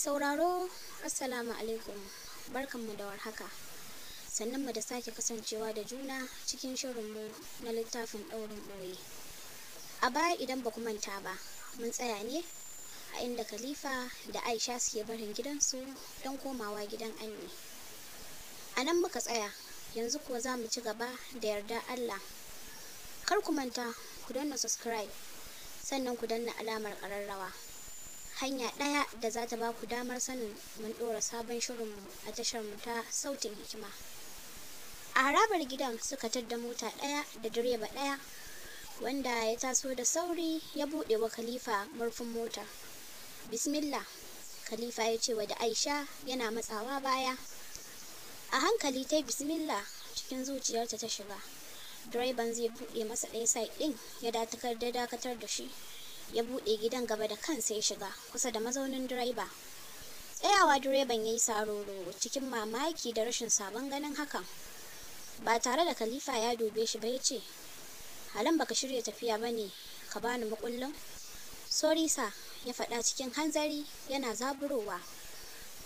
sauraro assalamu alaikum barkanmu da warhaka sannan mu da sake kasancewa da juna cikin shirinmu na littafin ɗaurin ɓoye a baya idan ba manta ba mun tsaya ne a inda khalifa da aisha suke barin gidansu don komawa gidan anni a nan muka tsaya yanzu kuwa za mu ci gaba da yarda allah kar ku manta ku danna subscribe sannan ku danna alamar ƙararrawa hanya ɗaya da za ta ba ku damar sanin mun ɗora sabon shirinmu a tashar mu ta sautin hikima a harabar gidan suka tadda mota ɗaya da direba ɗaya wanda ya taso da sauri ya buɗe wa khalifa murfin mota bismillah khalifa ya ce wa da aisha yana matsawa baya a hankali ta bismillah cikin zuciyarta ta shiga direban zai buɗe masa ɗaya side ɗin ya dakatar da shi ya buɗe gidan gaba da kansa ya shiga kusa da mazaunin direba tsayawa direban ya yi saroro cikin mamaki da rashin sabon ganin hakan ba tare da khalifa ya dube shi ba ya ce halin baka shirya tafiya ba ne ka bani makullin sorisa ya faɗa cikin hanzari yana zaburowa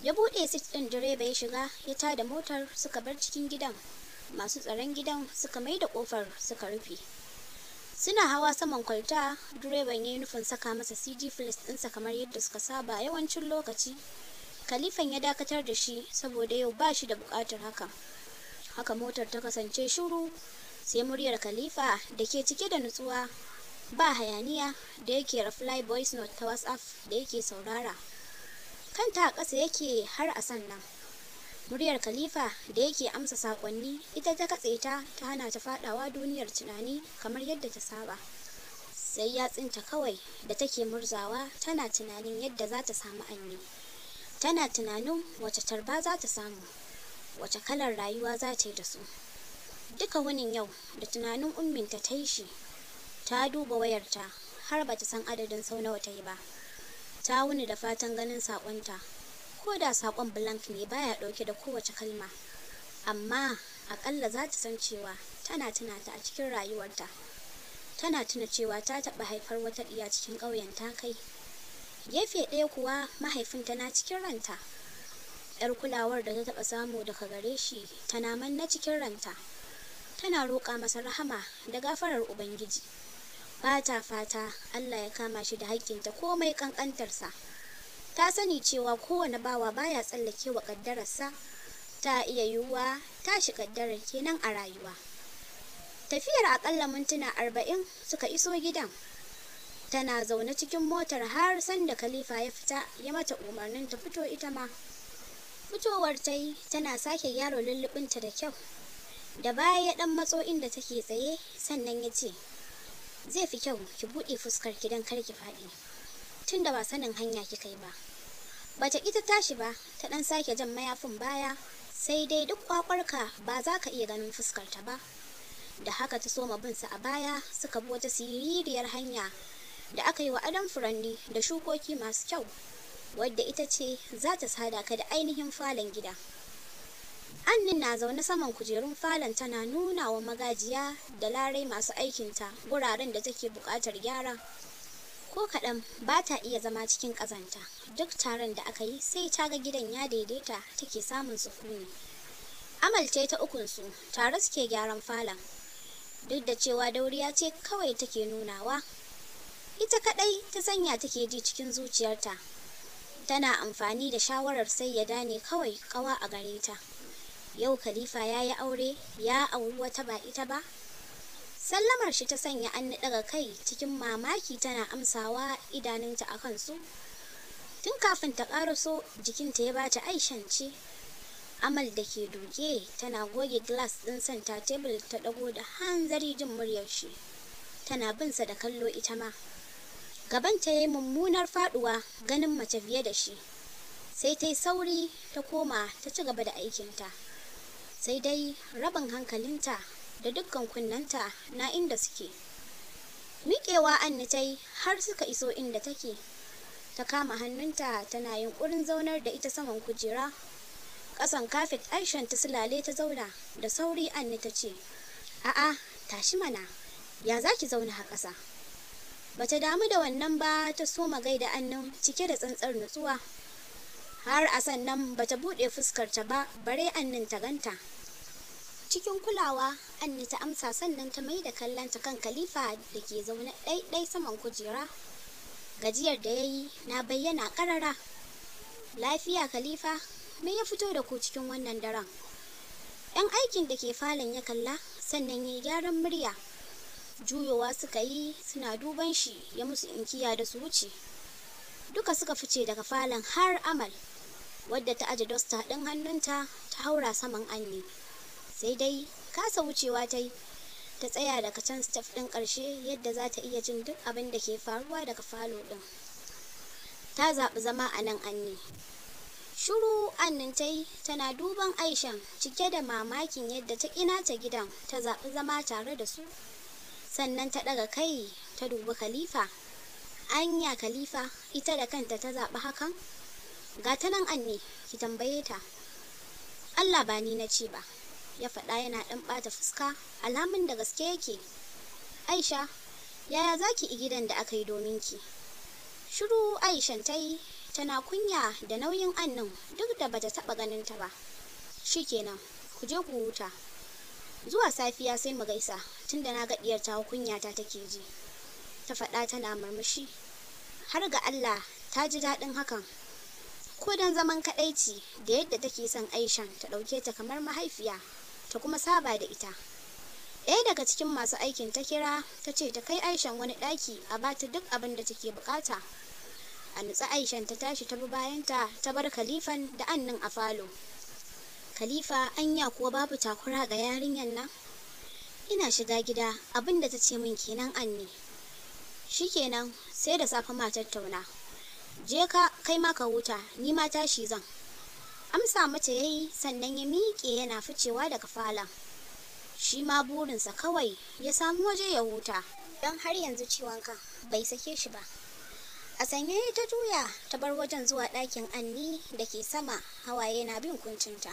ya buɗe sit ɗin direba ya shiga ya tada motar suka bar cikin gidan masu tsaron gidan suka mai da ƙofar suka rufe suna hawa saman kwalta direban ya yi nufin saka masa cd flex ɗinsa kamar yadda suka saba yawancin lokaci kalifan ya dakatar da shi saboda yau ba shi da buƙatar haka haka motar ta kasance shuru, sai muryar khalifa da ke cike da nutsuwa ba hayaniya da yake fly boys note ta whatsapp da yake saurara kanta a ƙasa yake har a sannan muryar khalifa da yake amsa sakonni ita ta katse ta ta hana ta fadawa duniyar tunani kamar yadda ta saba sai yatsunta kawai da take murzawa tana tunanin yadda za ta samu anyi. tana tunanin wace tarba za ta samu wace kalar rayuwa za ta yi da su duka wunin yau da tunanin umminta ta yi shi ta duba wayarta har ba ta san adadin sau nawa ta yi ba ta wuni da fatan ganin saƙonta ko da sakon blank ne baya ɗauke da kowace kalma amma akalla za ta san cewa tana tuna ta a cikin rayuwarta tana tuna cewa ta taɓa haifar wata ɗiya cikin ƙauyen ta kai gefe ɗaya kuwa mahaifinta na cikin ranta yar kulawar da ta taɓa samu daga gare shi tana man na cikin ranta tana roƙa masa rahama da gafarar ubangiji ba ta fata allah ya kama shi da haƙƙinta komai ƙanƙantarsa ta sani cewa kowane bawa baya tsallake wa kaddararsa ta iya yiwuwa tashi kaddarar kenan a rayuwa tafiyar akalla mintuna arba'in suka iso gidan tana zaune cikin motar har sanda kalifa ya fita ya mata umarnin ta fito ita ma fitowar ta yi tana sake gyara lullubinta da kyau da baya ya dan matso inda take tsaye sannan ya ce zai fi kyau ki buɗe fuskar gidan kar ki faɗi tunda ba sanin hanya kika yi ba bata ita tashi ba ta ɗan sake jan mayafin baya sai dai duk kwakwarka ba za ka iya ganin fuskarta ba da haka ta soma binsa a baya suka bi wata siririyar hanya da aka yi wa adon furanni da shukoki masu kyau wadda ita ce za ta sada ka da ainihin falon gida annin na zaune saman kujerun falon tana nuna wa magajiya da larai masu aikinta guraren da take buƙatar gyara ko kaɗan ba ta iya zama cikin ƙazanta duk taron da aka yi sai ta ga gidan ya daidaita take samun sukuni amalce ce ta ukunsu tare suke gyaran falon duk da cewa dauriya ce kawai take nunawa ita kaɗai ta sanya take ji cikin zuciyarta tana amfani da shawarar sayyada ne kawai kawa a gare ta yau khalifa ya yi aure ya auri wata ba ita ba sallamar shi ta sanya an daga kai cikin mamaki tana amsawa idanunta a kansu tun kafin ta karaso jikinta ya bata aishan ce amal da ke doge tana goge glass din santa table ta dago da hanzari jin muryar shi tana binsa da kallo ita ma gaban ta yi mummunar faduwa ganin mace fiye da shi sai ta yi sauri ta koma ta ci gaba da aikinta sai dai rabin hankalinta da dukkan kunnanta na inda suke miƙewa anna ta har suka iso inda take ta kama hannunta tana yunƙurin zaunar da ita saman kujera ƙasan kafet aishan ta sulale ta zauna da sauri anna ta ce a'a tashi mana ya za ki zauna a ƙasa bata damu da wannan ba ta soma gaida annan cike da tsantsar nutsuwa har a sannan bata buɗe fuskarta ba bare annin ta ganta cikin kulawa anni ta amsa sannan ta mai da kallanta kan khalifa da ke zaune ɗaiɗai saman kujera gajiyar da ya yi na bayyana ƙarara lafiya khalifa me ya fito da ku cikin wannan daren yan aikin da ke falon ya kalla sannan ya yi gyaran murya juyowa suka yi suna duban shi ya musu inkiya da su wuce duka suka fice daga falon har amal wadda ta aje dosta ɗin hannunta ta haura saman anyi sai dai kasa wucewa ta yi ta tsaya daga can staf ɗin ƙarshe yadda za ta iya jin duk abin da ke faruwa daga falo ɗin ta zaɓi zama a nan an ne. shuru annin ta yi tana duban aishan cike da mamakin yadda ta ƙina ta gidan ta zaɓi zama tare da su sannan ta ɗaga kai ta dubi khalifa anya khalifa ita da kanta ta zaɓi hakan ga ta nan an ne, ki tambaye ta allah ba ni na ce ba ya faɗa yana ɗan ɓata fuska alamun da gaske yake aisha yaya za ki yi gidan da aka yi domin ki shiru aishan ta yi tana kunya da nauyin annan duk da bata taɓa ganin ta ba shi kenan ku je ku huta zuwa safiya sai mu gaisa tunda na ga diyar ta kunya ta take ji ta faɗa tana murmushi har ga Allah ta ji daɗin hakan ko don zaman kaɗaici da yadda take son aishan ta ɗauke ta kamar mahaifiya ta kuma saba da ita ɗaya daga cikin masu aikin ta kira ta ce ta kai aishan wani ɗaki a bata duk abin da take bukata a nutsa aishan ta tashi ta bi bayanta ta bar khalifan da annin a falo khalifa anya kuwa babu takura ga yarinyar nan ina shiga gida abin da ta ce min kenan anni shikenan sai da safe ma tattauna je ka kai ma ka huta ni ma tashi zan amsa mace ya yi sannan ya miƙe yana ficewa daga falon shi ma burinsa kawai ya samu waje ya huta don har yanzu ciwon kan bai sake shi ba a sanye ta juya ta bar wajen zuwa ɗakin anni da ke sama hawaye na bin kuncinta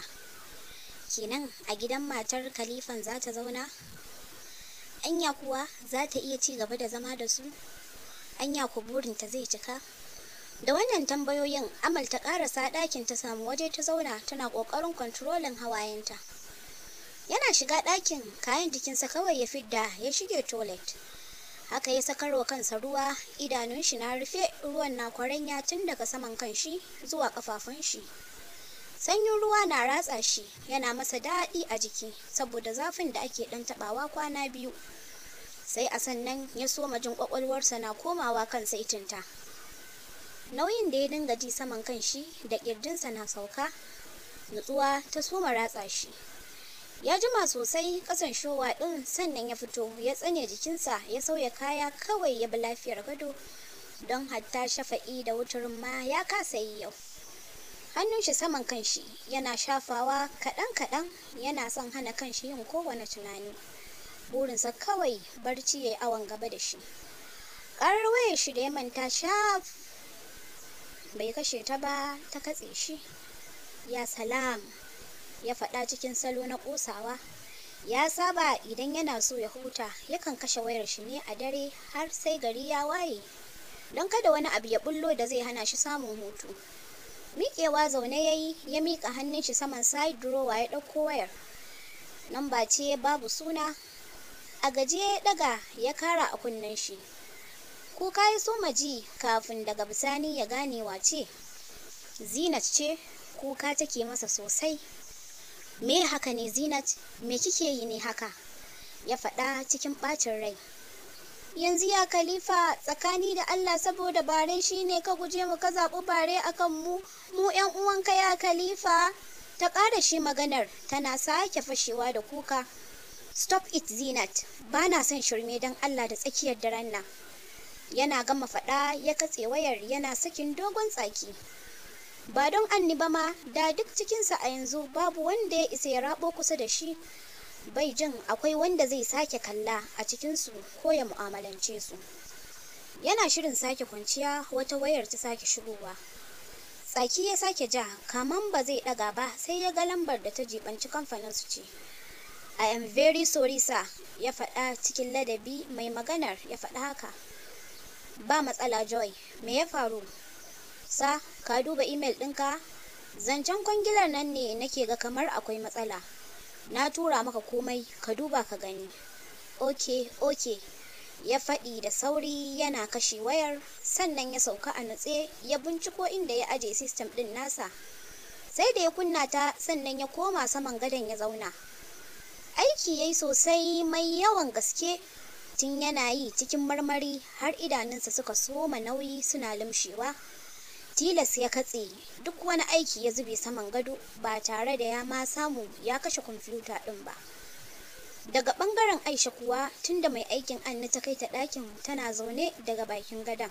kenan a gidan matar kalifan za ta zauna anya kuwa za ta iya ci gaba da zama da su anya ku burinta zai cika da wannan tambayoyin amal ta karasa ɗakin ta samu waje ta zauna tana ƙoƙarin kwantarolin hawayenta yana shiga ɗakin kayan jikinsa kawai ya fidda ya shige toilet haka ya sakar wa kansa ruwa idanun shi na rufe ruwan na kwaranya tun daga saman kanshi zuwa kafafun shi sanyin ruwa na ratsa shi yana masa daɗi a jiki saboda zafin da ake ɗan taɓawa kwana biyu sai a sannan ya soma jin ƙwaƙwalwarsa na komawa kan saitinta nauyin da ya dinga ji saman kan shi da ƙirjinsa na sauka nutsuwa ta soma ratsa shi ya jima sosai ƙasan showa ɗin sannan ya fito ya tsane jikinsa ya sauya kaya kawai ya bi lafiyar gado don hatta shafa'i da wutar ma ya kasa yi yau hannun shi saman kan shi yana shafawa kaɗan-kaɗan yana son hana kanshi yin kowane tunani burinsa kawai barci ya yi awon gaba da shi ƙarar wayar shi da ya manta shaf bai kashe ta ba ta katse shi ya salam ya faɗa cikin salo na ƙosawa ya saba idan yana so ya huta yakan kashe wayar shi ne a dare har sai gari ya waye don kada wani abu ya bullo da zai hana shi samun hutu miƙewa zaune ya yi ya mika hannun shi saman side drawer ya ɗauko wayar nan ba ce babu suna a gaje ya ɗaga ya kara a kunnen shi kuka ya so ji kafin daga bisani ya gane wace zinat ce kuka take masa sosai me haka ne zinat me kike yi ne haka ya faɗa cikin ɓacin rai yanzu ya kalifa tsakani da allah saboda bare shine ka guje mu ka zaɓi bare akan mu mu yan uwanka ya kalifa. ta ƙara shi maganar tana sake fashewa da kuka stop it zinat ba na son shirme don allah da tsakiyar daren nan yana gama faɗa ya katse wayar yana sakin dogon tsaki ba don anni ba ma da duk cikinsa a yanzu babu wanda ya isa ya rabo kusa da shi bai jin akwai wanda zai sake kalla a cikinsu ko ya mu'amalance su yana shirin sake kwanciya wata wayar ta sake shigowa tsaki ya sake ja kaman ba zai ɗaga ba sai ya ga lambar da ta jibanci kamfanin su ce i am very sorry sir ya faɗa cikin ladabi mai maganar ya faɗa haka ba matsala joy me ya faru sa ka duba imel ɗinka zancen kwangilar nan ne nake ga kamar akwai matsala na tura maka komai ka duba ka gani ok ok ya faɗi da sauri yana kashe wayar sannan ya sauka a nutse ya binciko inda ya aje system ɗin nasa sai da ya kunna ta sannan ya koma saman gadon ya zauna aiki ya yi sosai mai yawan gaske tun yana yi cikin marmari har idanunsa suka soma nauyi suna lumshewa tilas ya katse duk wani aiki ya zube saman gado ba tare da ya ma samu ya kashe kwamfuta ɗin ba daga ɓangaren aisha kuwa tunda mai aikin anna ta kai ta ɗakin tana zaune daga bakin gadon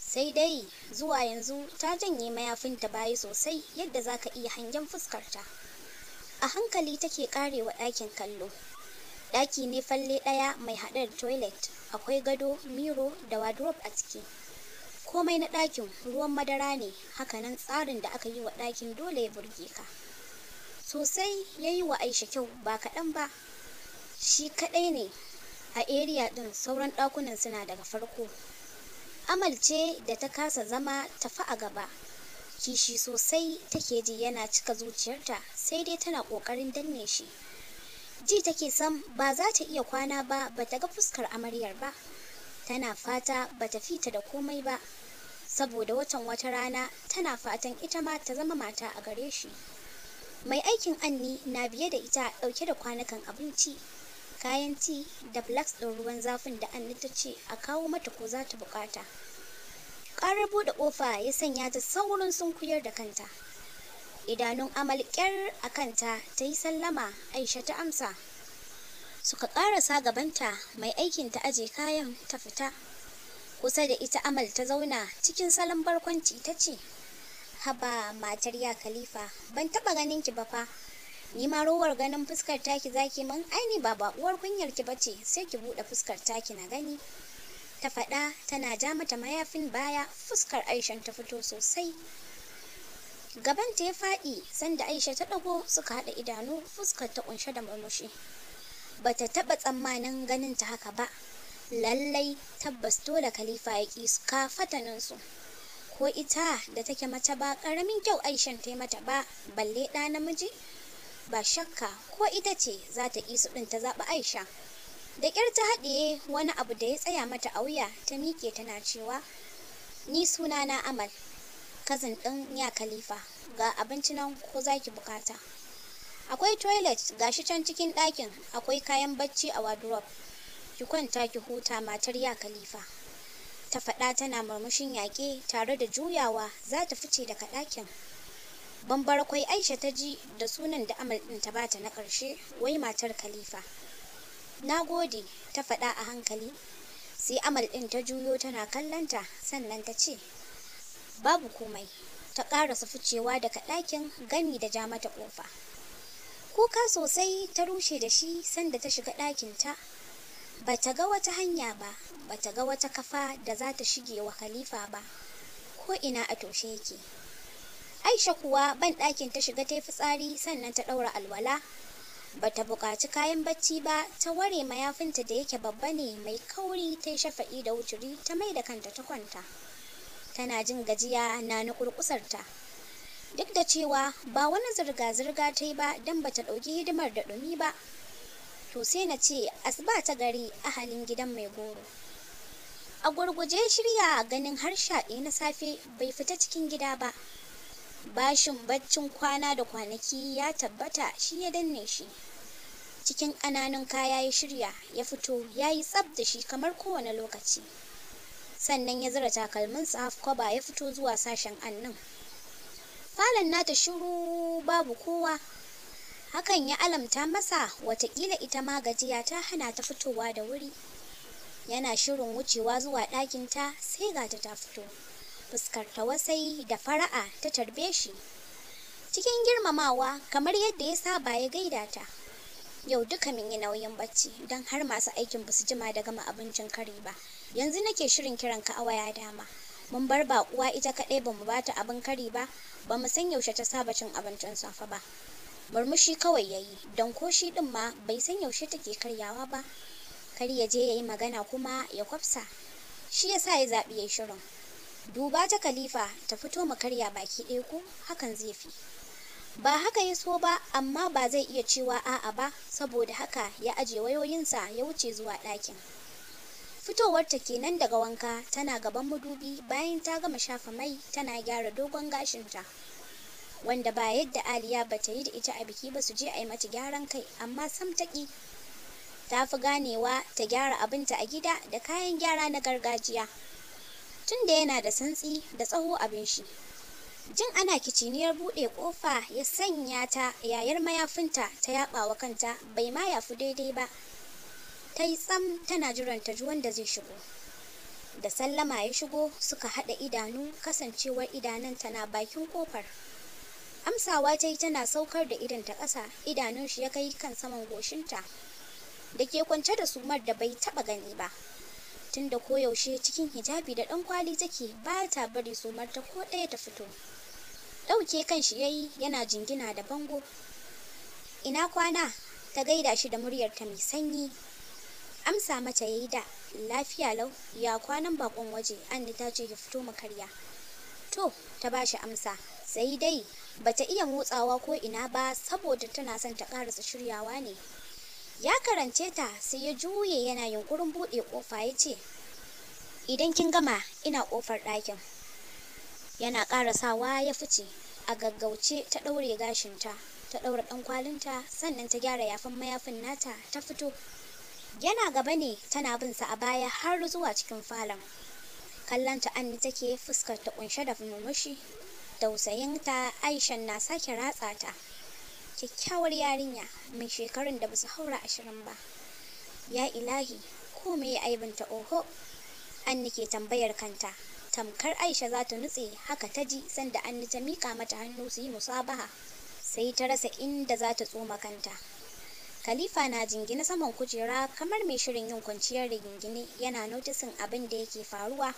sai dai zuwa yanzu ta janye mayafinta bayi sosai yadda za ka iya hangen fuskarta a hankali take karewa ɗakin kallo Daki ne falle ɗaya mai haɗe da toilet, akwai gado, miro da wardrobe a ciki. Komai na ɗakin ruwan madara ne, hakanan tsarin da aka yi wa ɗakin dole ya burge ka. Sosai ya yi wa Aisha kyau ba kaɗan ba, shi kaɗai ne a eriya ɗin sauran ɗakunan suna daga farko. amalce da ta kasa zama tafi a gaba, kishi sosai take ji yana cika zuciyarta sai dai tana ƙoƙarin danne shi. ji take san ba za ta iya kwana ba bata ga fuskar amaryar ba tana fata ba bata fita da komai ba saboda watan wata rana tana fatan ita ma ta zama mata a gare shi mai aikin anni na biye da ita dauke da kwanukan abinci kayan ci da flax ɗin ruwan zafin da anni ta ce a kawo mata ko za ta bukata ƙarar buɗe ƙofa ya sanya ta saurin sunkuyar da kanta idanun amal a kanta ta yi sallama aisha ta amsa suka ƙarasa gabanta mai aikin ta aje kayan ta fita kusa da ita amal ta zauna cikin salon barkwanci ta ce haba matar ya kalifa. ban taɓa ganin ki ba fa ni ma rowar ganin fuskar taki zaki man aini ba baƙuwar kunyar ki bace sai ki buɗe fuskar taki na gani ta faɗa tana ja mata mayafin baya fuskar aishan ta fito sosai gaban ta ya faɗi sanda aisha ta ɗago suka haɗa idanu fuskar ta kunshe da murmushi bata taɓa tsammanin ganin ta haka ba lallai tabbas dole kalifa, ya ƙi su ka fatanin su ko ita da take mata ba ƙaramin kyau aishan ta mata ba balle ɗa namiji ba shakka ko ita ce za ta ƙi su ɗin ta zaɓi aisha da ƙyar ta haɗiye wani abu da ya tsaya mata a wuya ta miƙe tana cewa ni sunana amal kazin ɗin ya khalifa ga abinci nan ko zaki bukata akwai toilet gashi can cikin ɗakin akwai kayan bacci a wardrobe ki kwanta ki huta matar ya khalifa ta faɗa tana murmushin yaƙe tare da juyawa za ta fice daga ɗakin bambar kwai aisha ta ji da sunan da amal ɗin ta bata na ƙarshe wai matar kalifa. na gode ta faɗa a hankali sai amal ɗin ta juyo tana kallanta sannan ta ce babu komai ta ƙarasa ficewa daga ɗakin gani da ja mata ƙofa kuka sosai ta rushe da shi sanda ta shiga ɗakinta ba ta ga wata hanya ba ba ta ga wata kafa da za ta shige wa khalifa ba ko ina a toshe yake aisha kuwa ban ɗakin ta shiga ta yi fitsari sannan ta ɗaura alwala ba ta buƙaci kayan bacci ba ta ware mayafinta da yake babba ne mai kauri ta yi shafa'i da wuturi ta mai da kanta ta kwanta tana jin gajiya na na nukurkusarta duk da cewa ba wani zirga-zirga ta yi ba don ba ta ɗauki hidimar da ɗumi ba to sai na ce asuba ta gari a halin gidan mai goro a gurguje shirya ganin har shaɗe na safe bai fita cikin gida ba bashin baccin kwana da kwanaki ya tabbata shi ya danne shi cikin ƙananan kaya ya shirya ya fito ya yi tsab da shi kamar kowane lokaci sannan ya zura takalmin half kwaba ya fito zuwa sashen annin falon nata shiru babu kowa hakan ya alamta masa watakila ita ma gajiya ta hana ta fitowa da wuri yana shirin wucewa zuwa ɗakinta sai gata ta fito fuskarta wasai da fara'a ta tarbe shi cikin girmamawa kamar yadda ya saba ya gaida ta yau duka min yi nauyin bacci don har masu aikin ba su jima da gama abincin kari ba yanzu nake shirin kiran ka awaya dama mun bar ba uwa ita kaɗai mu bata abin kari ba ba mu san yaushe ta saba cin abincin safe ba murmushi kawai yayi don ko shi ɗin ma bai san yaushe take karyawa ba kar ya je yayi magana kuma ya kwafsa shi yasa ya zaɓi yayi shirin duba ta kalifa ta fito mu karya baki ɗaya ko hakan zai fi ba haka ya so ba amma ba zai iya cewa a'a ba saboda haka ya aje wayoyinsa ya wuce zuwa ɗakin fitowarta kenan daga wanka tana gaban madubi bayan ta gama shafa mai tana gyara dogon gashinta wanda ba yadda aliya bata yi da ita a biki ba su je a yi mata gyaran kai amma sam taki ta fi ganewa ta gyara abinta a gida da kayan gyara na gargajiya tun da yana da santsi da tsaho abin shi jin ana kiciniyar buɗe kofa ya sanya ta yayar mayafinta ta yaɓa wa kanta bai ma yafi daidai ba ta yi tsam tana jiran ta ji wanda zai shigo da sallama ya shigo suka haɗa idanu kasancewar idanunta na bakin kofar amsawa ta yi tana saukar da idan ta ƙasa idanun shi ya kai kan saman goshinta da ke kwance da sumar da bai taɓa gani ba tun da koyaushe cikin hijabi da ɗan kwali take ba ta bari sumar ta ko ɗaya ta fito ɗauke kan shi yayi yana jingina da bango ina kwana ta gaida shi da muryarta mai sanyi amsa mata ya yi da lafiya lau ya kwanan bakon waje anni ta ce ki fito mu karya to ta ba shi amsa sai dai ba ta iya motsawa ko ina ba saboda tana son ta karasa shiryawa ne ya karance ta sai ya juye yana yunkurin buɗe ƙofa ya ce idan kin gama ina ƙofar ɗakin yana ƙarasawa ya fice a gaggauce ta ɗaure gashinta ta ɗaura ɗan kwalinta sannan ta gyara yafin mayafin nata ta fito yana gaba ne tana bin sa a baya har zuwa cikin falon kallon ta anni take fuskar ta kunshe da murmushi tausayin ta aishan na sake ratsa ta kyakkyawar yarinya mai shekarun da basu haura ashirin ba ya ilahi ko me aibinta oho anni ke tambayar kanta tamkar aisha za ta nutse haka ta ji sanda anni ta mika mata hannu su yi musabaha sai ta rasa inda za ta tsoma kanta Khalifa na jingine saman kujera kamar mai shirin yin kwanciyar rigingine yana notisin abin da yake faruwa.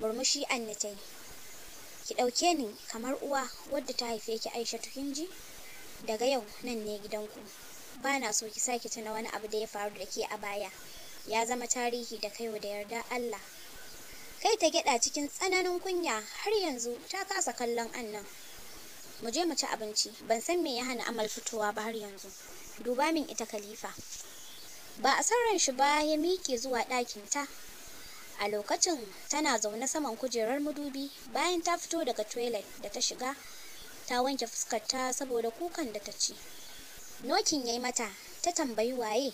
Murmushi Anna ta yi. Ki ɗauke ni kamar uwa wadda ta haife ki Aisha Tukinji? Daga yau nan ne gidanku. Ba na so ki sake tuna wani abu da ya faru da ke a baya. Ya zama tarihi da kaiwa da yarda Allah. Kai ta gyaɗa cikin tsananin kunya har yanzu ta kasa kallon Annan. Mu je mu ci abinci, ban san me ya hana amal fitowa ba har yanzu. duba min ita khalifa ba a san ran shi ba ya miƙe zuwa ɗakinta a lokacin tana zaune saman kujerar madubi bayan ta fito daga toilet da ta shiga ta wanke fuskar ta saboda kukan da ta ci nokin yayi mata ta tambayi waye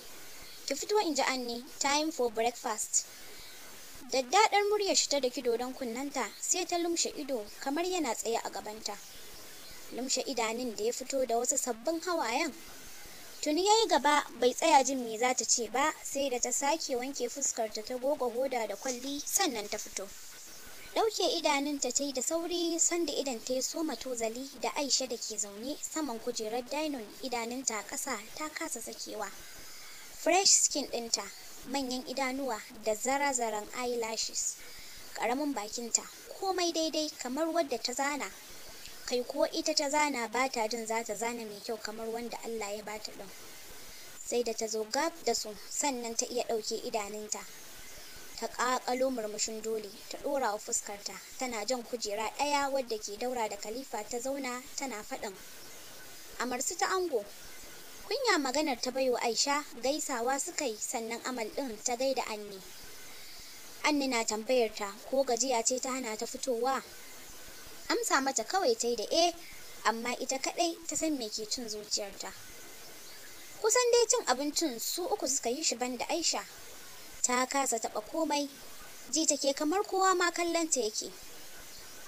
ki fito in ji anne time for breakfast daddadar muryar shi ta daki dodon kunnanta sai ta lumshe ido kamar yana tsaye a gabanta lumshe idanun da ya fito da wasu sabbin hawayen tuni ya yi gaba bai tsaya jin me za ta ce ba sai da ta sake wanke fuskarta ta goga hoda da kwalli sannan ta fito ɗauke idanunta ta yi da sauri sanda idan ta yi soma tozali da aisha da ke zaune saman kujerar dinon idanunta a ƙasa ta kasa sakewa fresh skin ɗinta manyan idanuwa da zara-zaran eyelashes ƙaramin bakinta komai daidai kamar wadda ta zana kai ko ita ta zana ba ta jin za ta zana mai kyau kamar wanda Allah ya ba ta ɗin sai da ta zo gab da su sannan ta iya ɗauke idanunta ta ƙaƙalo murmushin dole ta ɗora wa fuskarta tana jan kujera ɗaya wadda ke daura da kalifa ta zauna tana faɗin amarsu ta ango kunya maganar ta baiwa aisha gaisawa suka yi sannan amal ɗin ta gaida anni anni na tambayarta ko gajiya ce ta hana ta fitowa amsa mata kawai ta yi da eh amma ita kadai ta san me ke cin zuciyarta kusan dai cin abincin su uku suka yi shi banda aisha ta kasa taba komai ji take kamar kowa ma kallon ta yake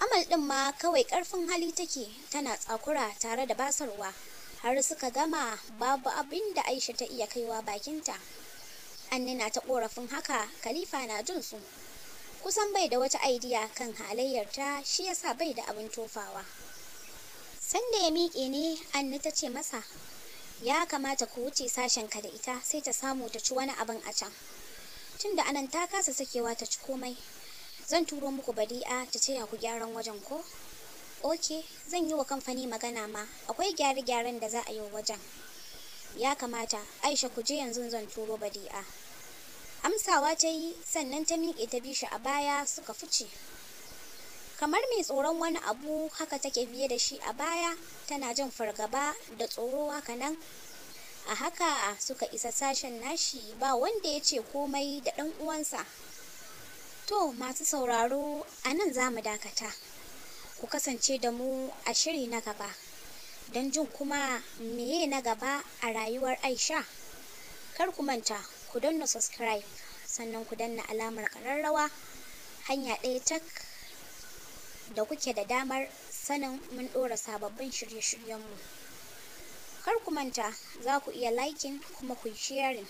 amal din ma kawai karfin hali take tana tsakura tare da basarwa har suka gama babu abin da aisha ta iya kaiwa bakinta annina ta korafin haka khalifa na jin su kusan bai da wata aidiya kan halayyar ta shi yasa bai da abin tofawa sanda ya miƙe ne anni ta ce masa ya kamata ku wuce sashen ka da ita sai ta samu ta ci wani abin a can tunda anan ta kasa sakewa ta ci komai zan turo muku badi'a ta taya ku gyaran wajen ko ok zan yi wa kamfani magana ma akwai gyare-gyaren da za a yi wa wajen ya kamata aisha ku je yanzu zan turo badi'a amsawa ta yi sannan ta miƙe ta bi shi a baya suka fice kamar mai tsoron wani abu haka take biye da shi a baya tana jin fargaba da tsoro haka nan a haka suka isa sashen nashi ba wanda ya ce komai da ɗan uwansa to masu sauraro a nan za mu dakata ku kasance da mu a shiri na gaba don jin kuma meye na gaba a rayuwar aisha kar ku manta ku danna subscribe sannan ku danna alamar ƙararrawa hanya ɗaya tak da kuke da damar sanin mun ɗora sababbin shirye-shiryenmu kar ku manta za ku iya liking kuma ku sharing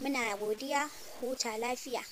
muna godiya huta lafiya